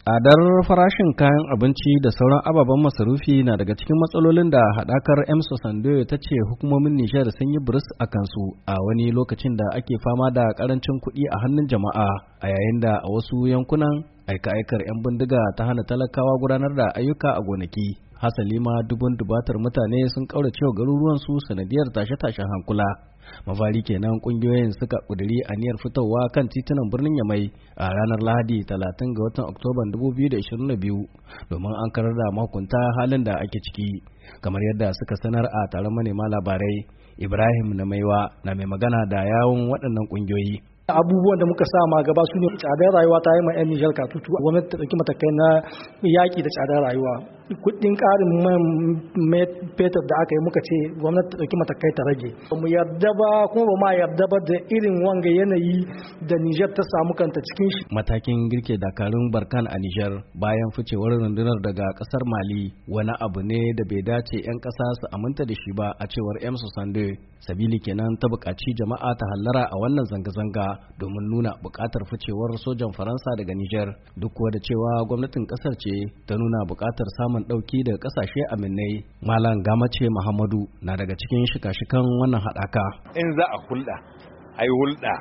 Tsadar farashin kayan abinci da sauran ababen masarufi na daga cikin matsalolin da haɗakar M. Sandoyo ta ce hukumomin Nijar sun yi buris a kansu a wani lokacin da ake fama da ƙarancin kuɗi a hannun jama'a a yayin da a wasu yankunan aika-aikar 'yan bindiga ta hana talakawa gudanar da ayyuka a gonaki. hasali ma dubun dubatar mutane sun ƙaurace wa su sanadiyar tashe-tashen hankula mafari kenan kungiyoyin suka kuduri aniyar fitowa kan titunan birnin yamai a ranar lahadi 30 ga watan Oktoba 2022 domin an karar da mahukunta halin da ake ciki kamar yadda suka sanar a taron manema labarai ibrahim na maiwa na mai magana da yawon waɗannan kungiyoyi abubuwan da muka sa ma gaba su ne tsadar rayuwa ta yi ma yan nijar katutu gwamnati ta ɗauki matakai na yaƙi da tsadar rayuwa kuɗin ƙarin man fetur da aka yi muka ce gwamnati ta ɗauki matakai ta rage ba mu yarda ba kuma ba ma yarda ba da irin wanga yanayi da nijar ta samu kanta cikin shi matakin girke dakarun barkan a nijar bayan ficewar rundunar daga kasar mali wani abu ne da bai dace 'yan ƙasa su aminta da shi ba a cewar emsu sande sabili kenan ta bukaci jama'a ta hallara a wannan zanga-zanga domin nuna bukatar ficewar sojan Faransa daga Nijar duk kuwa da cewa gwamnatin ƙasar ce ta nuna bukatar samun ɗauki daga ƙasashe aminai. Malam Gamace Muhammadu na daga cikin shika-shikan wannan haɗaka. In za a hulɗa, ai hulɗa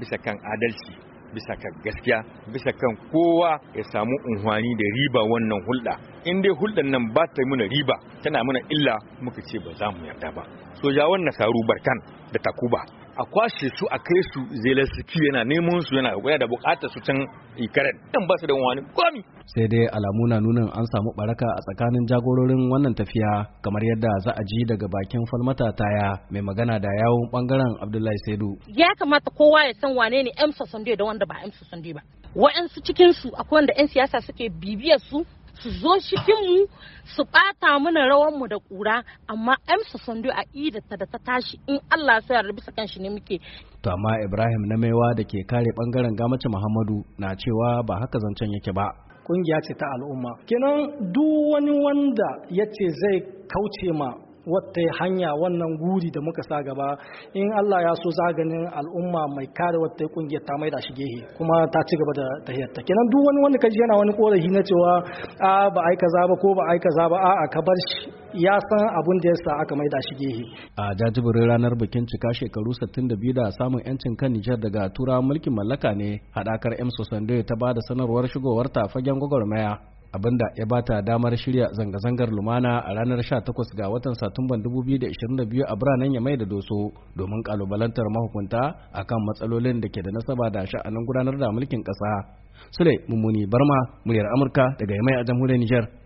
bisa kan adalci. bisa kan gaskiya bisa kan kowa ya samu unhwani da riba wannan hulɗa in dai hulɗar nan ba ta yi muna riba tana mana illa muka ce ba za mu yarda ba sojawan nasaru barkan da takuba a kwashe su a kai su zelensky yana neman su yana da bukatar su can ikaren dan ba su da wani komi sai dai alamu na nuna an samu baraka a tsakanin jagororin wannan tafiya kamar yadda za a ji daga bakin falmata taya mai magana da yawon bangaren abdullahi saidu ya kamata kowa ya san wane ne emsa sunday da wanda ba emsa sunday ba wa'ansu cikin su akwai wanda yan siyasa suke bibiyar su su zo cikinmu su ɓata mana rawanmu da ƙura amma amsa sando a ta da ta tashi in Allah sai rabi bisa kanshi ne muke. To amma Ibrahim na maiwa da ke kare bangaren gamace Muhammadu na cewa ba haka zancen yake ba. Ƙungiya ce ta al'umma. Kenan duk wani wanda ya ce zai kauce ma wata hanya wannan guri da muka sa gaba in Allah ya so zaganin al'umma mai kare wata kungiyar ta mai da shi gehe kuma ta ci gaba da tahiyarta kenan duk wani wanda kaji yana wani korafi na cewa a ba ai kaza ba ko ba ai kaza ba a'a ka bar shi ya san abun da ya sa aka mai da shi gehe a jajibirin ranar bikin cika shekaru 62 da samun yancin kan Nijar daga turawan mulkin mallaka ne hadakar M Sosando ta ba da sanarwar shigowar ta fagen gwagwarmaya abinda ya bata damar shirya zanga-zangar lumana a ranar 18 ga watan Satumban 2022 a biranen Yamai da Doso domin kalubalantar mahukunta kan matsalolin da ke da nasaba da sha'anin gudanar da mulkin ƙasa. Sule Mummuni Barma, muryar Amurka daga Yamai a jamhuriyar Nijar.